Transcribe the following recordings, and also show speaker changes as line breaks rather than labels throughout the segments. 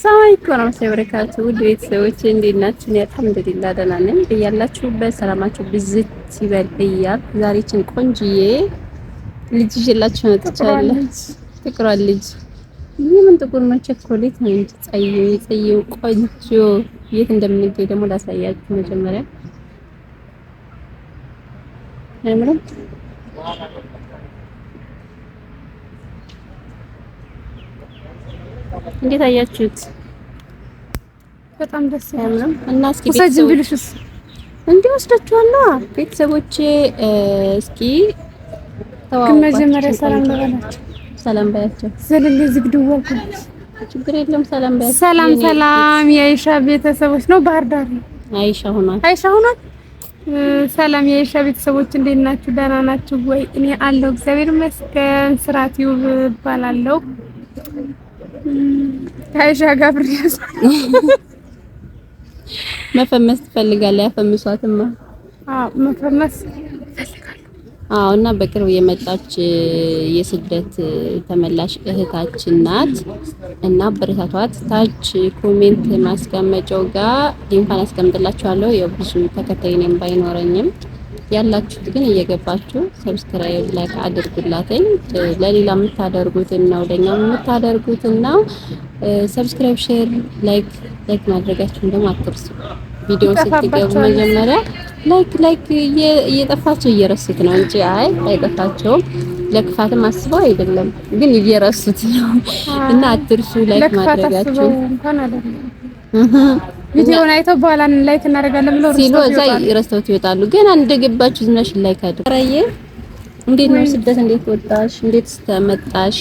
ሰላም አለይኩም ወራህመቱላሂ ወበረካቱ ውድ ቤተሰቦች እንዴት ናችሁ? አልሐምዱሊላህ ደህና ነኝ። እያላችሁበት ሰላማችሁ ብዝት ይበል እያል ዛሬችን ቆንጅዬ ልጅ ይዤላችሁ
መጥቻለሁ።
ጥቁሯ ልጅ ይህ ምን ጥቁር ነው? ቸኮሌት ነው እንጂ ፀየው ቆንጆ። የት እንደምንገኝ ደግሞ ላሳያችሁ። መጀመሪያ አይምሮም እንዴት አያችሁት?
በጣም ደስ ይላል። እና እስኪ ሰጅን ብልሽስ
እንዴ ወስዳችኋለሁ። ቤተሰቦቼ እስኪ
መጀመሪያ ሰላም በላቸው፣
ሰላም በያቸው።
ዘለለ ዝግድ
ችግር የለም። ሰላም በያቸው።
ሰላም ሰላም፣ የአይሻ ቤተሰቦች ነው። ባህር ዳር ነው። አይሻ ሆኗል፣ አይሻ ሆኗል። ሰላም የአይሻ ቤተሰቦች እንዴት ናችሁ? ደህና ናችሁ ወይ? እኔ አለሁ እግዚአብሔር ይመስገን። ስራት ይውብ እባላለሁ። ከአይሻ ጋር ብር
መፈመስ ትፈልጋለህ? ያፈምሷትማ።
አዎ መፈመስ
እፈልጋለሁ። አዎ እና በቅርብ የመጣች የስደት ተመላሽ እህታችን ናት እና በረታቷት። ታች ኮሜንት ማስቀመጫው ጋር ሊንኳን አስቀምጥላችኋለሁ። የብዙ ተከታይ ነኝ ባይኖረኝም ያላችሁት ግን እየገባችሁ ሰብስክራይብ ላይክ አድርጉላትኝ። ለሌላ የምታደርጉትን ነው ለኛ የምታደርጉትን ነው። ሰብስክራይብ፣ ሼር፣ ላይክ ላይክ ማድረጋችሁን ደግሞ አትርሱ። ቪዲዮ ስትገቡ መጀመሪያ ላይክ ላይክ እየጠፋቸው እየረሱት ነው እንጂ አይ አይጠፋቸውም። ለክፋትም አስበው አይደለም፣ ግን እየረሱት ነው እና አትርሱ ላይክ ማድረጋችሁ
ቪዲዮውን አይተው በኋላ ላይክ እናደርጋለን
ብለው ሲሉ እዛ ረስተውት ይወጣሉ። ግን እንደገባችሁ ዝም ብለሽ ላይክ አድርጉ። ረዬ እንዴት ነው ስደት? እንዴት ወጣሽ? እንዴት ተመጣሽ?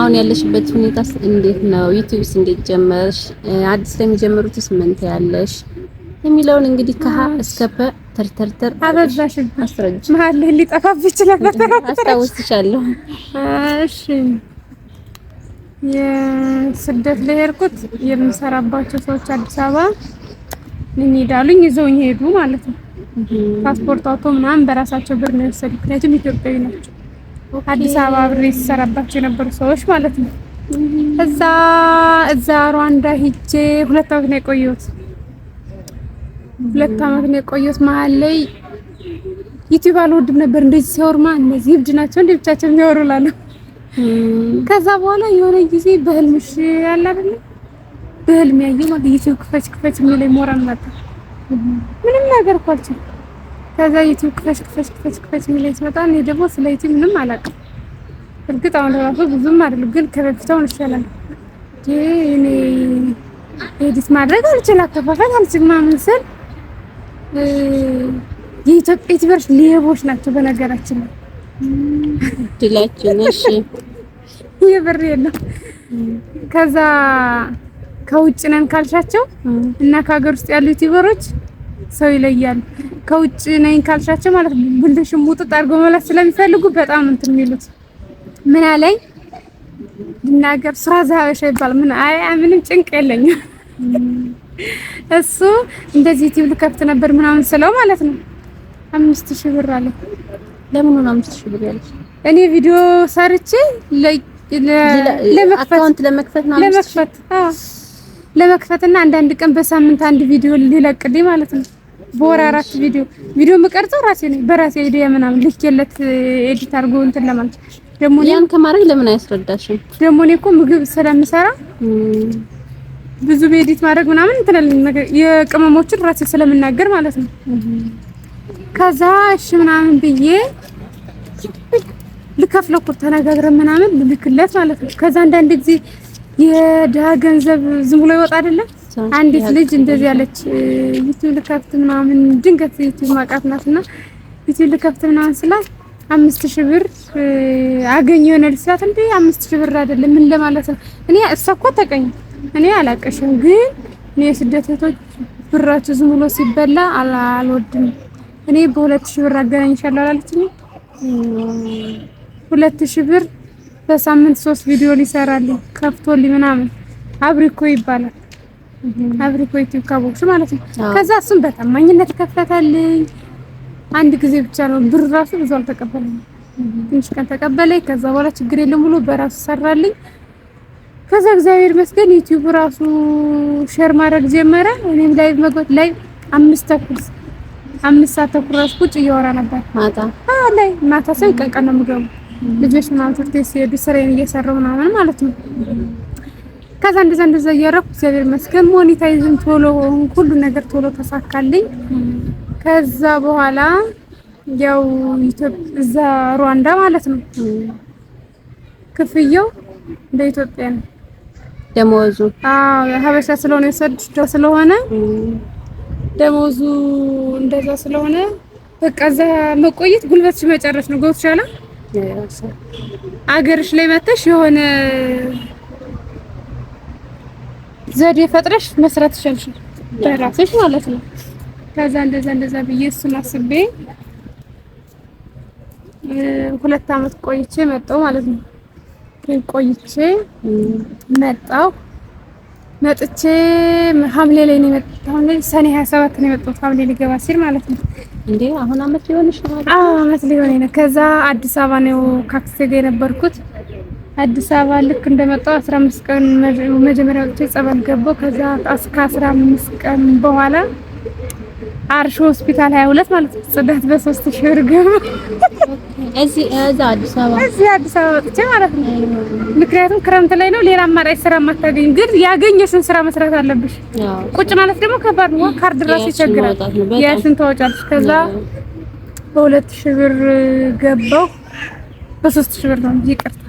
አሁን ያለሽበት ሁኔታስ እንዴት ነው? ዩቲዩብስ እንዴት ጀመርሽ? አዲስ ለሚጀምሩትስ ምን ትያለሽ? የሚለውን እንግዲህ ከሀ እስከ ፐ ተርተርተር
አበዛሽ አስረጅ መሀል ሊጠፋብሽ ነበር።
አስታውስሻለሁ። እሺ
የስደት ለሄድኩት የምሰራባቸው ሰዎች አዲስ አበባ እንሂድ አሉኝ። ይዘውኝ ሄዱ ማለት ነው። ፓስፖርት አውቶ ምናምን በራሳቸው ብር ነው የወሰዱት። ምክንያቱም ኢትዮጵያዊ ናቸው። አዲስ አበባ ብር የተሰራባቸው የነበሩ ሰዎች ማለት ነው። እዛ እዛ ሩዋንዳ ሂጄ ሁለት አመት ነው የቆየሁት። ሁለት አመት ነው የቆየሁት። መሀል ላይ ዩቲዩብ አልወድም ነበር። እንደዚህ ሲያወርማ እነዚህ እብድ ናቸው እንደ ብቻቸው የሚያወሩላ ከዛ በኋላ የሆነ ጊዜ በህልምሽ ያለ አይደል በህልም ያየው ማለት ዩቲዩብ ክፈች ክፈች የሚለኝ ሞራል መጣ። ምንም ነገር እኮ አልችልም። ከዛ ዩቲዩብ ክፈች ክፈች ክፈች ክፈች የሚለኝ ሲመጣ እኔ ደግሞ ስለ ዩቲዩብ ምንም አላውቅም። እርግጥ አሁን ራሱ ብዙም አይደለም፣ ግን ከበፊታው ይሻላል። እኔ ኤዲት ማድረግ አልችል አከፋፈል አልችል ምናምን ስል የኢትዮጵያ ዩቲዩበሮች ሌቦች ናቸው በነገራችን ላይ
ድላችን እሺ፣
ነው። ከዛ ከውጭ ነን ካልሻቸው እና ከሀገር ውስጥ ያሉ ዩቲዩበሮች ሰው ይለያል። ከውጭ ነኝ ካልሻቸው ማለት ብልሽም ሙጥጥ አድርገው መላስ ስለሚፈልጉ በጣም እንትን የሚሉት ምን አለኝ ድናገር ስራ ዛበሻ ይባል ምን አይ ምንም ጭንቅ የለኝም። እሱ እንደዚህ ዩቲዩብ ልከፍት ነበር ምናምን ስለው ማለት ነው አምስት ሺህ ብር አለ
ለምን ነው አምስት ሺህ ያለሽ?
እኔ ቪዲዮ ሰርቼ ለመክፈት
ለመክፈት ነው ለመክፈት
ለመክፈትና አንዳንድ ቀን በሳምንት አንድ ቪዲዮ ሊለቅልኝ ማለት ነው። በወር አራት ቪዲዮ ቪዲዮ የምቀርጸው ራሴ ነኝ በራሴ አይዲያ ምናምን ልኬለት ኤዲት አድርጎ እንትን ለማለት
ደግሞ ያን ከማድረግ ለምን አያስረዳሽም?
ደግሞ እኔ እኮ ምግብ ስለምሰራ ብዙ ኤዲት ማድረግ ምናምን እንትን ነገር የቅመሞችን ራሴ ስለምናገር ማለት ነው። ከዛ እሺ ምናምን ብዬ ልከፍለው እኮ ተነጋግረን ምናምን ልልክለት ማለት ነው። ከዛ አንዳንድ ጊዜ የድሃ ገንዘብ ዝም ብሎ ይወጣ አይደለም። አንዲት ልጅ እንደዚህ ያለች ዩቲዩብ ልከፍት ምናምን ድንገት ዩቲዩብ ማውቃት ናት እና ዩቲዩብ ልከፍት ምናምን ስላት አምስት ሺህ ብር አገኘ የሆነ ልጅ ስላት እንደ አምስት ሺህ ብር አይደለም ምን ለማለት ነው። እኔ እሷ እኮ ተቀኝ እኔ አላቀሽም፣ ግን እኔ የስደት እህቶች ዝም ብሎ ሲበላ አልወድም። እኔ በሁለት ሺህ ብር አገናኝሻለሁ አላለችኝም ሁለት ሺህ ብር በሳምንት ሶስት ቪዲዮ ሊሰራልኝ ከፍቶልኝ ምናምን አብሪኮ ይባላል። አብሪኮ ዩቲዩብ ካቦክሽ ማለት ነው። ከዛ እሱም በታማኝነት ከፈተልኝ። አንድ ጊዜ ብቻ ነው ብር ራሱ ብዙ አልተቀበለኝ። ትንሽ ቀን ተቀበለኝ። ከዛ በኋላ ችግር የለም ብሎ በራሱ ሰራልኝ። ከዛ እግዚአብሔር ይመስገን ዩቲዩብ ራሱ ሼር ማድረግ ጀመረ። እኔም ላይቭ መግባት ላይ አምስት ተኩል አምስት ሰዓት ተኩል እራሱ ቁጭ እያወራ ነበር። ማታ ላይ ማታ ሰው ይቀቀ ነው የምገቡ ልጆች ምናምን ትምህርት ቤት ሲሄዱ ስራዬን እየሰራሁ ምናምን ማለት ነው። ከዛ እንደዛ እንደዛ እያደረኩ እግዚአብሔር ይመስገን ሞኒታይዝም ቶሎ ሁሉ ነገር ቶሎ ተሳካልኝ። ከዛ በኋላ ያው ኢትዮጵያ እዛ ሩዋንዳ ማለት ነው ክፍያው በኢትዮጵያ ነው ደሞዙ። አዎ ሀበሻ ስለሆነ የሰድደው ስለሆነ ደሞዙ እንደዛ ስለሆነ በቃ እዛ መቆየት ጉልበትሽ መጨረስ ነው። ገብቶሻል። አገርሽ ላይ መተሽ የሆነ ዘዴ ፈጥረሽ መስራት ይሻልሽ በራስሽ ማለት ነው። ከዛ እንደዛ እንደዛ ብዬ እሱን አስቤ ሁለት አመት ቆይቼ መጣሁ ማለት ነው። ቆይቼ መጣሁ። መጥቼ ሐምሌ ላይ ነው የመጣሁት። ሐምሌ ሰኔ 27 ነው የመጣሁት። ሐምሌ ሊገባ ሲል ማለት ነው
እንዴ አሁን አመት ሊሆንሽ ነው ማለት
አዎ፣ አመት ሊሆን ነው። ከዛ አዲስ አበባ ነው ካክስ ጋር የነበርኩት። አዲስ አበባ ልክ እንደመጣሁ 15 ቀን መጀመሪያ ወጥቼ ጸበል ገባሁ። ከዛ እስከ 15 ቀን በኋላ አርሽ ሆስፒታል 22 ማለት ነው ጽዳት በ3000 ብር ገባሁ።
እዚህ አዲስ
አበባ መጥቼ ማለት ነው። ምክንያቱም ክረምት ላይ ነው፣ ሌላ አማራጭ ስራ የማታገኝ ግን ያገኘሽውን ስራ መስራት አለብሽ። ቁጭ ማለት ደግሞ ከባድ ነው። ካርድ ራሱ ይቸግራል። ያሽን ታወጫለሽ። ከዛ በሁለት ሺህ ብር ገባሁ። በሶስት ሺህ ብር ነው እንጂ ይቅርታ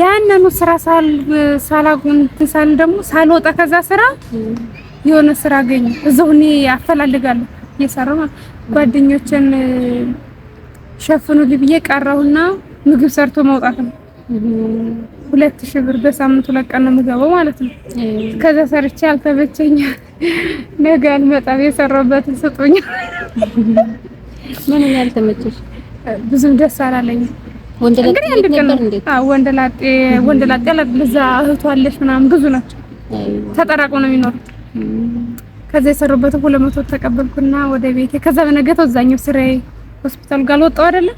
ያንኑ ስራ ሳል ሳላጉን ትንሳል ደግሞ ሳልወጣ ከዛ ስራ የሆነ ስራ አገኘ እዛው እኔ አፈላልጋለሁ እየሰራሁ ጓደኞችን ሸፍኑልኝ ብዬ ቀረሁና ምግብ ሰርቶ መውጣት ነው። ሁለት ሺህ ብር በሳምንት ሁለት ቀን ነው የምገባው ማለት ነው። ከዛ ሰርቼ አልተመቸኝ፣ ነገ አልመጣም፣ የሰራሁበትን ስጡኝ።
ምን ያልተመቸሽ?
ብዙም ደስ አላለኝም።
ወንደላጤ
ወንደላጤ ብዛ እህቷ አለሽ ምናምን ብዙ ናቸው፣ ተጠራቅሞ ነው የሚኖሩት። ከዛ የሰሩበትን ሁለት መቶ ተቀበልኩና ወደ ቤቴ። ከዛ በነገተው እዛኛው ስራዬ ሆስፒታል ጋር አልወጣሁ አይደለ?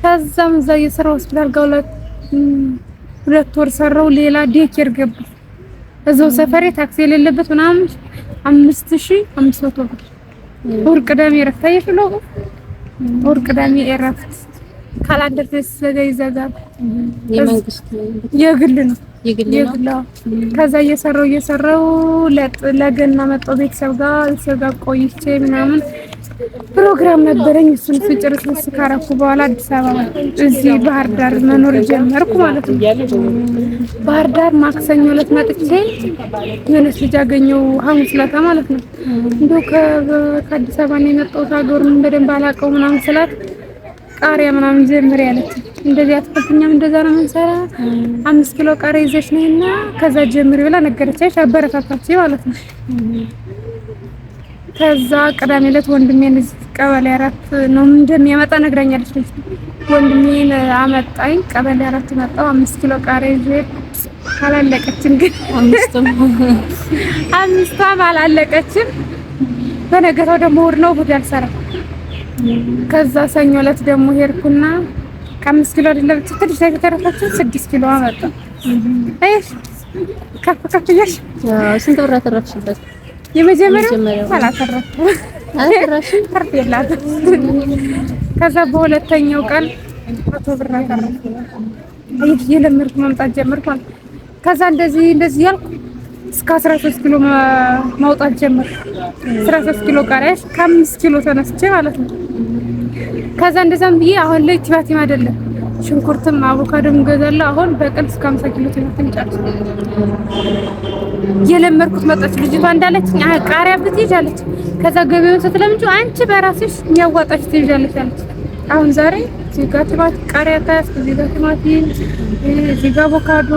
ከዛም እዛ እየሰራሁ ሆስፒታል ጋር ሁለት ወር ሌላ ዴኬር ገባ እዛው ሰፈሬ ታክሲ የሌለበት ምናምን አምስት ሺህ አምስት መቶ ብር እሑድ ቅዳሜ እረፍት አይፍሎ እሑድ ቅዳሜ እረፍት ካላንደር ተዘጋ ይዘጋል። የግል ነው የግል ከዛ እየሰራው እየሰራው ለገና መጣው ቤተሰብ ጋር ቤተሰብ ጋር ቆይቼ ምናምን ፕሮግራም ነበረኝ። እሱን ስጨርስ ካረኩ በኋላ አዲስ አበባ እዚህ ባህር ዳር መኖር ጀመርኩ ማለት ነው። ባህር ዳር ማክሰኞ ዕለት መጥቼ የሆነች ልጅ አገኘው ሐሙስ ዕለት ማለት ነው። እንደው ከአዲስ አበባ ነው የመጣሁት ሀገሩን በደንብ አላውቀው ምናምን ስላት ቃሪያ ምናምን ጀምር ያለች እንደዚህ አትክልትኛም እንደዛ ነው የምንሰራ። አምስት ኪሎ ቃሪያ ይዘሽ ነይና ከዛ ጀምሪ ብላ ነገረቻች። አበረታታች ማለት ነው። ከዛ ቅዳሜ ዕለት ወንድሜን እዚህ ቀበሌ አራት ነው እንደሚያመጣ ነግራኛለች። ወንድሜን አመጣኝ። ቀበሌ አራት መጣው። አምስት ኪሎ ቃሪያ ይዤ አላለቀችም፣ ግን አምስቷም አላለቀችም። በነገታው ደግሞ እሑድ ነው፣ እሑድ አልሰራም። ከዛ ሰኞ ዕለት ደግሞ ሄድኩና ከአምስት ኪሎ አይደለም ትንሽ ላይ ተረፈችው ስድስት ኪሎ አመጣ። እሺ ከፍ ከፍ እያልሽ
ስንት ብር አተረፍሽበት?
የመጀመሪያው
አላተረፍኩም፣ አላተረፍሽም
ትርፍ የላትም። ከዛ በሁለተኛው ቀን መቶ ብር አተረፍኩ። እየለመድኩ መምጣት ጀመርኳል። ከዛ እንደዚህ እንደዚህ ያልኩ እስከ 13 ኪሎ ማውጣት ጀመርኩ። 13 ኪሎ ቀሪያሽ ከአምስት ኪሎ ተነስቼ ማለት ነው ከዛ እንደዛም ብዬ አሁን ላይ ቲማቲም አይደለም ሽንኩርትም አቮካዶም ገዛለሁ። አሁን በቀን እስከ 50 ኪሎ ቲማቲም ጫጭ የለመርኩት መጣች። ልጅቷ እንዳለችኝ ቃሪያ ብትይዥ አለች። ከዛ ገበያውን ስትለምጩ አንቺ በራስሽ የሚያዋጣሽ ትይዣለች አለች። አሁን ዛሬ እዚህ ቲማቲም ቃሪያ ታያስ፣ እዚህ ጋር ቲማቲም፣ እዚህ አቮካዶ፣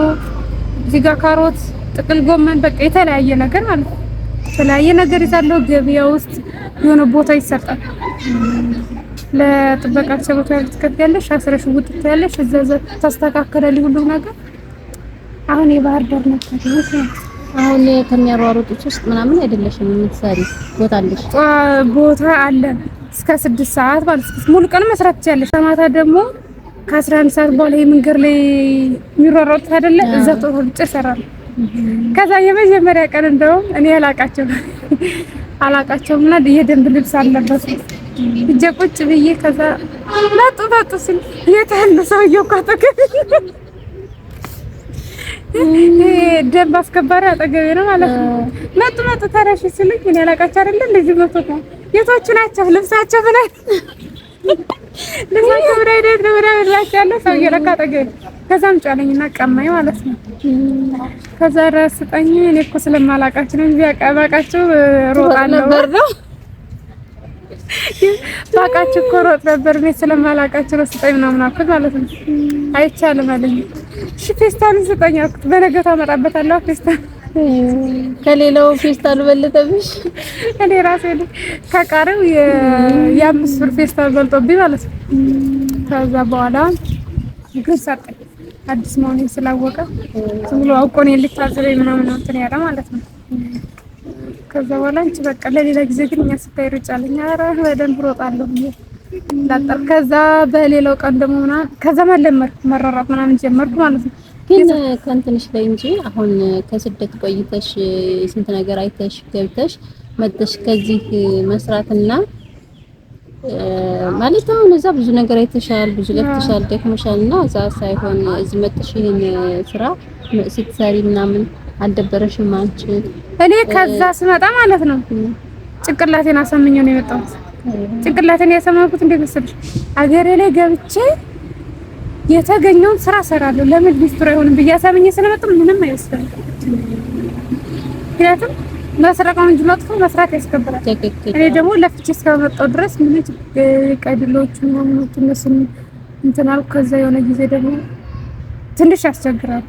ዚጋ ካሮት፣ ጥቅል ጎመን፣ በቃ የተለያየ ነገር ማለት ነው። የተለያየ ነገር ይዛለሁ። ገበያ ውስጥ የሆነ ቦታ ይሰጣል። ለጥበቃ አሰቦት ላይ ትከፍያለሽ፣ አስረሽ ውጥ ትያለሽ። እዛ እዛ ታስተካከለልኝ ሁሉም ነገር። አሁን የባህር ዳር ነበር
አሁን ከሚያሯሩጡት ውስጥ ምናምን አይደለሽም የምትሰሪ ቦታ አለሽ፣
ቦታ አለ እስከ ስድስት ሰዓት ማለት ሙሉ ቀን መስራት ትችያለሽ። ማታ ደግሞ ከአስራ አንድ ሰዓት በኋላ የመንገድ ላይ የሚሯሯጡት አይደለ እዛ ጦር ይሰራል። ከዛ የመጀመሪያ ቀን እንደውም እኔ ያላቃቸው አላቃቸውም እና የደንብ ልብስ አለበት እጀ ቁጭ ብዬ ከዛ መጡ መጡ ስል የታለ ሰውዬው እኮ አጠገቤ ደንብ አስከባሪ አጠገቤ ነው ማለት ነው። መጡ መጡ ተረሽ ስልኝ እኔ አላቃቸው አይደለ እንደዚህ መቶ የቶቹ ናቸው ልብሳቸው ምናምን ልብሳቸው ምን አይነት ነው ምናምን እላቸው ያለው ለካ አጠገቤ ነው። ከዛም ጫለኝና ቀማኝ ማለት ነው። ከዛ ራስ እኔ እኮ ስለማላውቃቸው ነው እንጂ አቃባቃቸው ነበር ነው ባቃቸው እኮ ሮጥ ነበር እኔ ምናምን አልኩት ማለት ነው። አይቻልም አለኝ። እሺ ስጠኝ አልኩት። አመጣበታለሁ ፌስታል
ከሌላው ፌስታል በለጠብሽ።
እኔ ራሴ ከቃሪው የአምስት ብር ፌስታል በልጦብኝ ማለት ነው። ከዛ በኋላ ግን ሰጠኝ አዲስ መሆኔን ስላወቀ ዝም ብሎ አውቆ እኔን ልታዘበኝ ምናምን እንትን ያለ ማለት ነው። ከዛ በኋላ አንቺ በቃ ለሌላ ጊዜ ግን እኛ ስታይ ሩጫለኝ ኧረ በደንብ ሮጣለሁ ብዬ ከዛ በሌላው ቀን ደግሞ ምናምን ከዛ መለመድኩ መራራት ምናምን ጀመርኩ ማለት ነው።
ግን ከእንትንሽ ላይ እንጂ አሁን ከስደት ቆይተሽ ስንት ነገር አይተሽ ገብተሽ መጥተሽ ከዚህ መስራትና ማለት አሁን እዛ ብዙ ነገር አይተሻል፣ ብዙ ለፍተሻል፣ ደክመሻል እና እዛ ሳይሆን እዚህ መጥሽ ይሄን ስራ ስትሰሪ ምናምን አልደበረሽም አንቺ?
እኔ ከዛ ስመጣ ማለት ነው ጭንቅላቴን አሳምኜው ነው የመጣሁት። ጭንቅላቴን ያሳመንኩት እንዴት መሰለሽ? አገሬ ላይ ገብቼ የተገኘውን ስራ እሰራለሁ፣ ለምን ሊስትሮ አይሆንም ብዬ አሳምኜ ስለመጣሁ ምንም አይወስደም ምክንያቱም መስረቃን እንጂ መጥፎ መስራት ያስከብራል። እኔ ደግሞ ለፍቼ እስከመጣሁ ድረስ ምን ቀድሎቹ ምናምኖቹ እነሱን እንትን አልኩ። ከዛ የሆነ ጊዜ ደግሞ ትንሽ ያስቸግራል።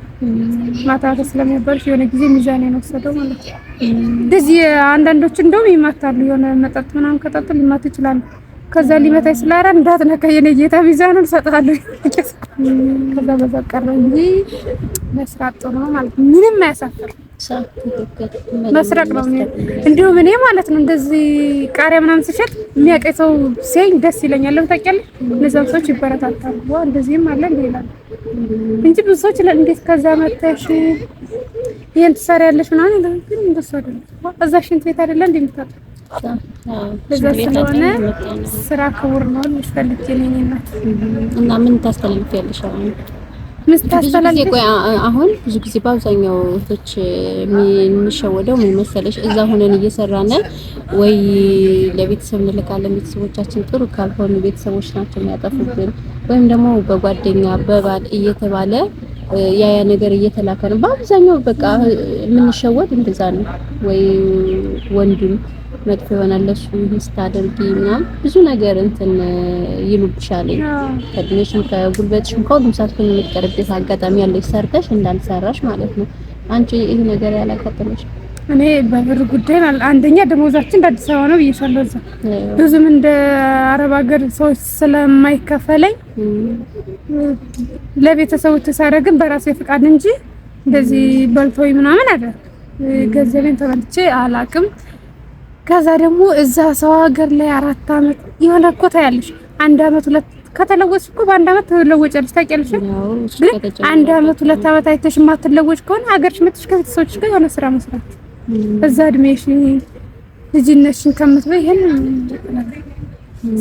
ማታ ስለሚያበሉት የሆነ ጊዜ ሚዛን የወሰደው ማለት ነው። እንደዚህ አንዳንዶች እንደውም ይመታሉ። የሆነ መጠጥ ምናምን ከጠጥ ሊመቱ ይችላሉ። ከዛ ሊመታኝ ስላራ እንዳትነካ የኔ ጌታ ሚዛኑን እሰጥሃለሁ። ከዛ በዛ ቀረ እንጂ መስራት ጥሩ ነው ማለት ምንም አያሳፍርም። መስረቅ ነው። እንዲሁም እኔ ማለት ነው እንደዚህ ቃሪያ ምናምን ስሸጥ የሚያውቀኝ ሰው ሲያኝ ደስ ይለኛል። ታውቂያለሽ፣ እነዚያም ሰዎች ይበረታታሉ። እንደዚህም አለ እንደ ይላሉ እንጂ ብዙ ሰዎች እንዴት ከዛ መተሽ ይሄን ትሰሪያለሽ ምናምን ይላሉ። ግን እንደሱ አይደለም። እዛ ሽንት ቤት አይደለ እንደምታውቀው እዛ ስለሆነ ስራ ክቡር ነው። ልፈልግ የኔ እናት
እና ምን ታስተላልፊያለሽ አሁን አሁን ብዙ ጊዜ በአብዛኛው እህቶች የምንሸወደው ምን መሰለሽ፣ እዛ ሆነን እየሰራን ወይ ለቤተሰብ እንልካለን። ቤተሰቦቻችን ጥሩ ካልሆኑ ቤተሰቦች ናቸው የሚያጠፉብን፣ ወይም ደግሞ በጓደኛ በባል እየተባለ ያ ያ ነገር እየተላከ ነው። በአብዛኛው በቃ የምንሸወድ እንደዛ ነው ወይ ወንዱም መጥፎ ይሆናል ለሱ ስታደርጊ ምናምን ብዙ ነገር እንትን ይሉብሻል። ከድሜሽም ከጉልበትሽም ከሁሉም ሳትሆን የምትቀርቤት አጋጣሚ ያለች ሰርተሽ እንዳልሰራሽ ማለት ነው። አንቺ ይህ ነገር ያላጋጠመሽ?
እኔ በብር ጉዳይ አንደኛ ደሞዛችን በአዲስ አበባ ነው ብዬሻለሁ። እዛ ብዙም እንደ አረብ ሀገር ሰዎች ስለማይከፈለኝ ለቤተሰቡ ተሳረ ግን በራሴ ፍቃድ እንጂ እንደዚህ በልቶኝ ምናምን አለ ገንዘቤን ተመልቼ አላቅም። ከዛ ደግሞ እዛ ሰው ሀገር ላይ አራት አመት የሆነ እኮ ታያለሽ። አንድ አመት ሁለት ከተለወጥሽ እኮ በአንድ አመት ትለወጫለሽ። ታውቂያለሽ። ግን አንድ አመት ሁለት አመት አይተሽ የማትለወጭ ከሆነ ሀገርሽ መጥተሽ ከቤተሰቦችሽ ጋር የሆነ ስራ መስራት እዛ እድሜሽ ልጅነትሽን ከምትበይ ይሄን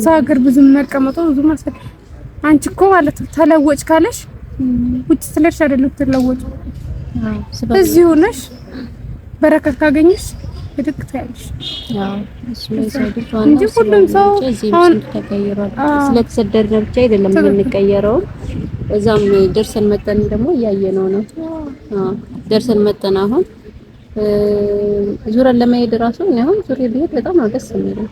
ሰው ሀገር ብዙ መቀመጡ ብዙ ማሰብ አንቺ እኮ ማለት ተለወጭ ካለሽ ውጭ ስለሽ አይደለም ትለወጭ እዚሁ ነሽ በረከት ካገኘሽ ብድግ ትያለሽ እንጂ ሁሉም ሰው
አሁን ስለተሰደድን ብቻ አይደለም የምንቀየረው። እዛም ደርሰን መጠን ደግሞ እያየነው ነው። ደርሰን መጠን አሁን ዙረን ለመሄድ እራሱ አሁን ዙሬ ብሄድ በጣም ነው ደስ የሚለው።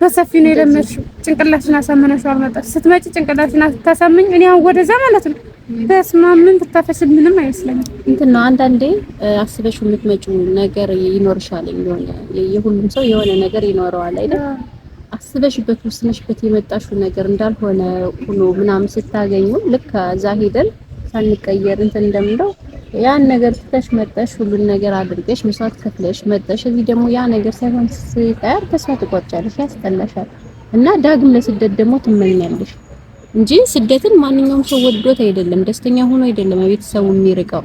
በሰፊ ነው የለመድሽው። ጭንቅላትሽን አሳምነሽው አልመጣሽ ስትመጪ ጭንቅላትሽን አታሳምኝ። እኔ አሁን ወደዛ ማለት ነው በስማ ምን ብታፈስብ ምንም አይመስለኝም።
እንትን ነው አንዳንዴ አስበሽ የምትመጪው ነገር ይኖርሻል። የሆነ የሁሉም ሰው የሆነ ነገር ይኖረዋል አይደል? አስበሽበት ወስነሽበት የመጣሽው ነገር እንዳልሆነ ሆኖ ምናምን ስታገኙ ልክ እዛ ሄደን ሳንቀየር እንትን እንደምለው ያን ነገር ትተሽ መጠሽ ሁሉን ነገር አድርገሽ መስዋዕት ከፍለሽ መጠሽ፣ እዚህ ደግሞ ያ ነገር ሳይሆን ሲቀር ተስፋ ትቆርጫለሽ፣ ያስጠላሻል እና ዳግም ለስደት ደግሞ ትመኛለሽ። እንጂ ስደትን ማንኛውም ሰው ወዶት አይደለም፣ ደስተኛ ሆኖ አይደለም ቤተሰቡ የሚርቀው።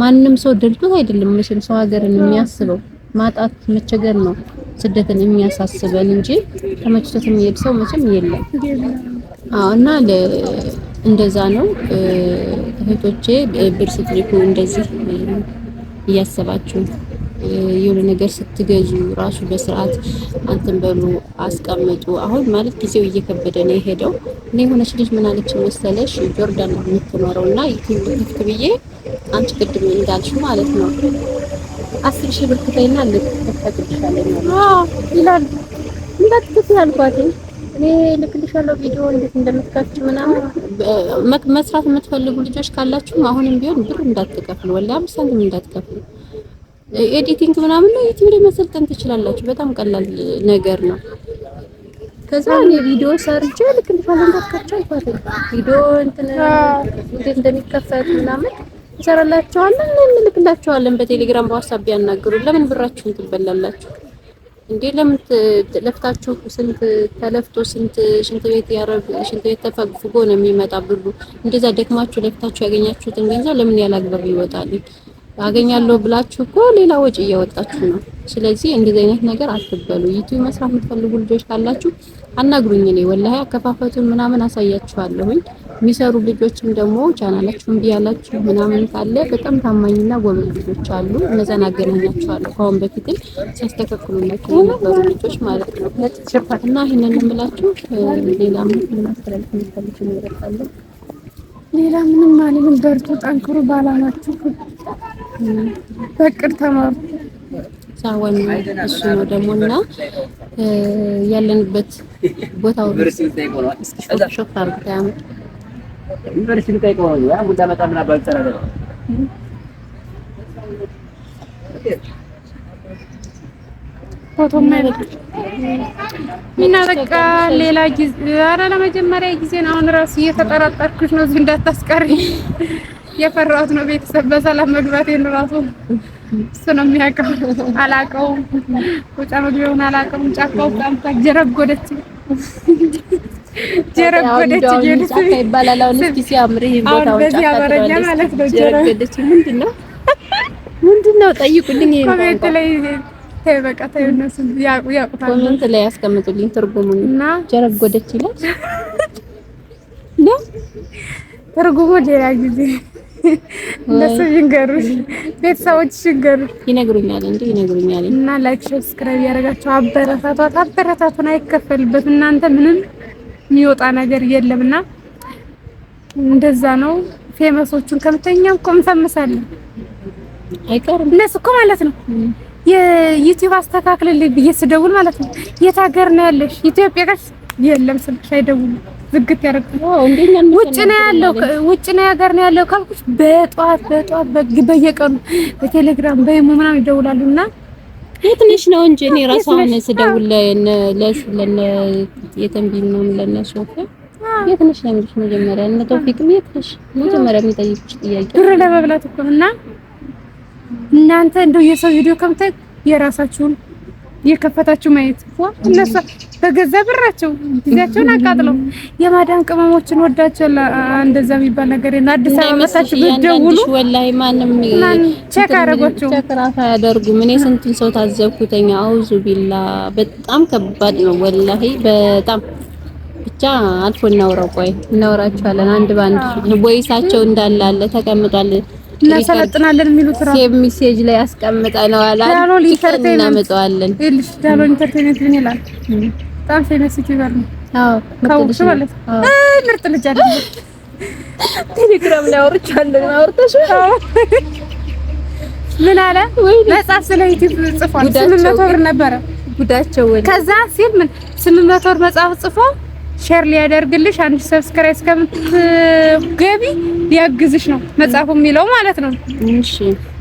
ማንም ሰው ደልቶት አይደለም። መቼም ሰው ሀገርን የሚያስበው ማጣት መቸገር ነው ስደትን የሚያሳስበን እንጂ ተመችቶት የሚሄድ ሰው መቼም የለም። አዎ እና እንደዛ ነው እህቶቼ፣ ብር ስትልኩ እንደዚህ እያሰባችሁ የሆነ ነገር ስትገዙ ራሱ በስርዓት አንተን በሉ አስቀምጡ። አሁን ማለት ጊዜው እየከበደ ነው የሄደው እና የሆነች ልጅ ምን አለች መሰለሽ ጆርዳን የምትኖረው እና ይክፍት ብዬ አንቺ ቅድም እንዳልሽ ማለት ነው አስር ሺህ ብር ክፈይና ልትፈቅድሻለኝ
ይላል። እንዳትከፍ ያልኳት እኔ እልክልሻለሁ ቪዲዮ እንዴት እንደምትከፍች ምናምን።
መስራት የምትፈልጉ ልጆች ካላችሁም አሁንም ቢሆን ብር እንዳትከፍል፣ ወላሂ አምስት ሳንቲም እንዳትከፍል ኤዲቲንግ ምናምን ላይ ዩቲዩብ ላይ መሰልጠን ትችላላችሁ። በጣም ቀላል ነገር ነው።
ከዛ ነው ቪዲዮ ሰርቼ ልክ እንደታለንታችሁ አይፋትም ቪዲዮ እንትን እንዴት እንደሚከፈት ምናምን እንሰራላችኋለን፣ እንልክላችኋለን። በቴሌግራም በዋትስአፕ ያናግሩን። ለምን ብራችሁን ትበላላችሁ እንዴ? ለምን ለፍታችሁ ስንት ተለፍቶ ስንት ሽንት ቤት ያረብ ሽንት ቤት ተፈግፍጎ ነው የሚመጣ ብሩ። እንደዛ ደክማችሁ ለፍታችሁ ያገኛችሁትን ገንዘብ ለምን ያላግባብ ይወጣል? አገኛለሁ ብላችሁ እኮ ሌላ ወጪ እያወጣችሁ ነው። ስለዚህ እንደዚህ አይነት ነገር አትበሉ። ዩቲዩብ መስራት የምትፈልጉ ልጆች ካላችሁ አናግሩኝ። እኔ ወላሂ አከፋፈቱን ምናምን አሳያችኋለሁኝ። የሚሰሩ ልጆችም ደግሞ ቻናላችሁን ቢያላችሁ ምናምን ካለ በጣም ታማኝና ጎበዝ ልጆች አሉ። እነዛን አገናኛችኋለሁ። ከአሁን በፊትም ሲያስተካክሉላችሁ የነበሩ ልጆች
ማለት ነው። እና ይህንን ብላችሁ ሌላ ምን ማስተላለፍ የምትፈልጉ ነገር
ካለ ሌላ ምንም አልልም። በርቱ፣ ጠንክሩ፣ ባላማችሁ በቅር ተማሩ።
ሳወን እሱ ነው ደግሞ እና ያለንበት ቦታው ዩኒቨርሲቲ ነው
ፎቶ የማይበቃ እና በቃ ሌላ ጊዜ አረ ለመጀመሪያ ጊዜ ነው። አሁን ራሱ እየተጠራጠርኩሽ ነው። እዚህ እንዳታስቀሪ የፈራሁት ነው። ቤተሰብ በሰላም መግባቴን ራሱ እሱ ነው የሚያውቀው። አላውቀውም፣ ቁጫ መግቢያውን አላውቀውም። ጫካው ጣምታ ጀረጎደች
ጀረጎደች ይባላል። አሁን እስኪ ሲያምር ይሄ
ቦታው በዚህ አማርኛ ማለት ነው።
ጀረጎደች ምንድን ነው ምንድን ነው? ጠይቁልኝ። ይሄ
ኮሜንት ላይ ተይ በቃ ተይ። እነሱ ያውቁታል።
ኮሜንት ላይ ያስቀምጡልኝ ትርጉሙን እና ጀረብ ጎደች ይላል
ነው ትርጉሙ። ሌላ ጊዜ እነሱ ይንገሩሽ፣ ቤተሰቦች ይንገሩ፣
ይነግሩኛል፣ እንዲህ ይነግሩኛል።
እና ላይክ፣ ሰብስክራይብ ያደረጋችሁ አበረታቷት፣ አበረታቱን። አይከፈልበት እናንተ ምንም የሚወጣ ነገር የለምና እንደዛ ነው። ፌመሶቹን ከምተኛም እኮ እንፈምሳለን አይቀርም እነሱ እኮ ማለት ነው የዩቲዩብ አስተካክልልኝ ብዬ ስደውል ማለት ነው የት ሀገር ነው ያለሽ? ኢትዮጵያ ጋር የለም ስልክሽ አይደውልም ዝግት ያደርግ ውጭ ነው ያለው ውጭ ነው ያገር ነው ያለው ካልኩሽ በጠዋት በጠዋት በየቀኑ በቴሌግራም በይሞ ምናምን ይደውላሉ እና
የት ነሽ ነው እንጂ እኔ ራሷን ስደውል ለሹ ለነ የተንቢል ነው ለነሱ የት ነሽ ነው መጀመሪያ እነ ቶፊቅም የት ነሽ መጀመሪያ የሚጠይቅሽ
ጥያቄ ብር ለመብላት እኮ እና እናንተ እንደው የሰው ቪዲዮ ከምታይ የራሳችሁን የከፈታችሁ ማየት እኮ እነሱ በገዛ ብራቸው ጊዜያቸውን አቃጥለው የማዳን ቅመሞችን ወዳቸው እንደዛ የሚባል ነገር የለም። አዲስ አበባ
መሳችሁ ብትደውሉ ወላሂ ማንም ቼክ አደረጓቸው ራሳ ያደርጉ እኔ ስንቱን ሰው ታዘብኩተኛ። አውዙ ቢላ በጣም ከባድ ነው ወላሂ በጣም ብቻ አልፎ እናውራ። ቆይ እናውራችኋለን አንድ በአንድ ቦይሳቸው እንዳላለ ተቀምጧል።
እናሰለጥናለን የሚሉት
ሴቭ ሜሴጅ ላይ አስቀምጠነው አላል
ዳሎል ኢንተርቴይንመንት ይልሽ ዳሎል ኢንተርቴይንመንት ምን ይላል? በጣም ፌመስ ዩቲዩበር ነው። አዎ ከውሽ ማለት ምርጥ ልጅ አለ።
ቴሌግራም ላይ አውርቻለሁ። አውርተሽ
ምን አለ? መጽሐፍ ስለ ዩቲዩብ ጽፏል። ስምንት መቶ ብር ነበረ ጉዳቸው። ከዛ ሲል ምን ስምንት መቶ ብር መጽሐፍ ጽፎ ሼር ሊያደርግልሽ አንቺ ሰብስክራይብ እስከምትገቢ ሊያግዝሽ ነው መጽሐፉ የሚለው ማለት ነው። እሺ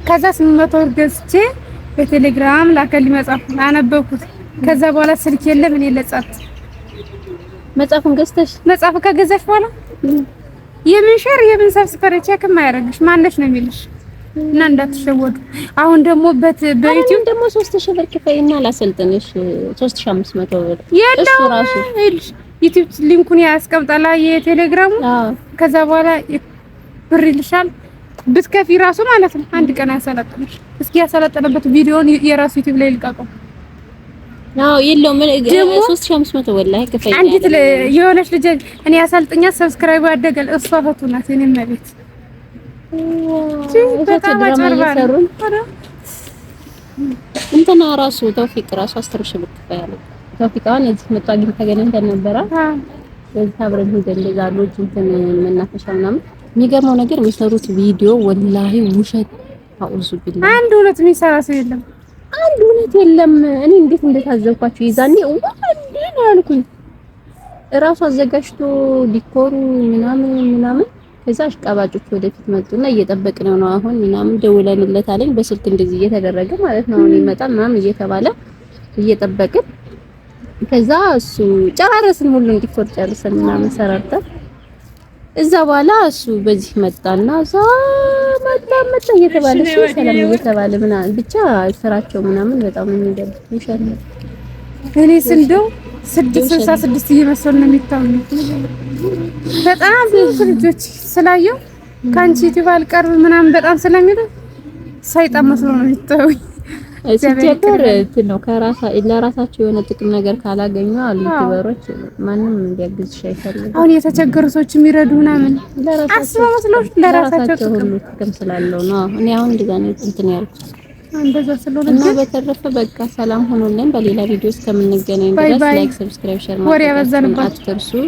ከዛ 800 መቶ ብር ገዝቼ በቴሌግራም ላከልኝ መጽሐፍ አነበብኩት። ከዛ በኋላ ስልክ የለም እኔ ለጻፍኩ።
መጽሐፉን ገዝተሽ
መጽሐፉ ከገዛሽ በኋላ የምን ሼር የምን ሰብስክራይብ ቼክ የማያደርግሽ ማነሽ ነው የሚልሽ እና እንዳትሸወዱ። አሁን ደግሞ በት በዩቲዩብ
ደግሞ 3000 ብር ክፈይና ላሰልጥንሽ 3500 ብር
የለውም ዩቲዩብ ሊንኩን ያስቀምጣላ የቴሌግራሙ። ከዛ በኋላ ብር ይልሻል ብትከፊ ራሱ ማለት ነው። አንድ ቀን ያሰለጥነሽ። እስኪ ያሰለጠነበት ቪዲዮን የራሱ ዩቲዩብ ላይ ልቀቀው።
አዎ የለውም ደግሞ 3500 ወላሂ
ከፈይ አንዲት የሆነች ልጅ እኔ ያሰልጥኛ ሰብስክራይብ ያደገል እሷ እህቱ ናት። እኔ መቤት
እንትና ራሱ ተውፊቅ ራሱ አስር ሺህ ብር ቶፊቃን እዚህ መጣ ግን ተገናኝተን ነበረ። በዚህ አብረን ሄደን እንደዛ ሎጅ እንትን መናፈሻ ምናምን። የሚገርመው ነገር የሚሰሩት ቪዲዮ ወላሂ ውሸት አውዙ ቢል
አንድ እውነት የሚሰራ ሰው የለም።
አንድ እውነት የለም። እኔ እንዴት እንደታዘብኳቸው ይዛኔ ወንዴ ነው ያልኩኝ። እራሱ አዘጋጅቶ ዲኮሩ ምናምን ምናምን ከዛ አሽቃባጮች ወደፊት መጡና እየጠበቅን ነው ነው አሁን ምናምን ደውለንለት አለኝ በስልክ እንደዚህ እየተደረገ ማለት ነው። አሁን ይመጣል ምናምን እየተባለ እየጠበቅን ከዛ እሱ ጨራረስን ሁሉ እንዲፎር ጨርሰን ምናምን ሰራርተን እዛ በኋላ እሱ በዚህ መጣና እዛ መጣ መጣ እየተባለ ሰላም እየተባለ ምናምን ብቻ ስራቸው ምናምን በጣም የሚደብቅ ይሻል።
እኔ ስንደው ስድስት ስልሳ ስድስት እየመሰሉ ነው የሚታዩ በጣም ብዙ ልጆች ስላየው ከአንቺ ዩቲዩብ አልቀርብ ምናምን በጣም ስለሚሉ ሰይጣን መስሎ ነው የሚታዩ።
ሲጀመር እንትን ነው ከራሳ ለራሳቸው የሆነ ጥቅም ነገር ካላገኙ አሉ ዩቲዩበሮች ማንም እንዲያግዝሽ አይፈልግም።
አሁን የተቸገሩ ሰዎች የሚረዱ ምናምን ለራሳቸው ሁሉ
ጥቅም ስላለው ነው። እኔ አሁን እንደዛ ነው እንትን ያልኩት እና በተረፈ በቃ ሰላም ሆኖልን በሌላ ቪዲዮ እስከምንገናኝ ድረስ ላይክ፣ ሰብስክራይብ፣ ሼር
ማድረግ አትርሱ።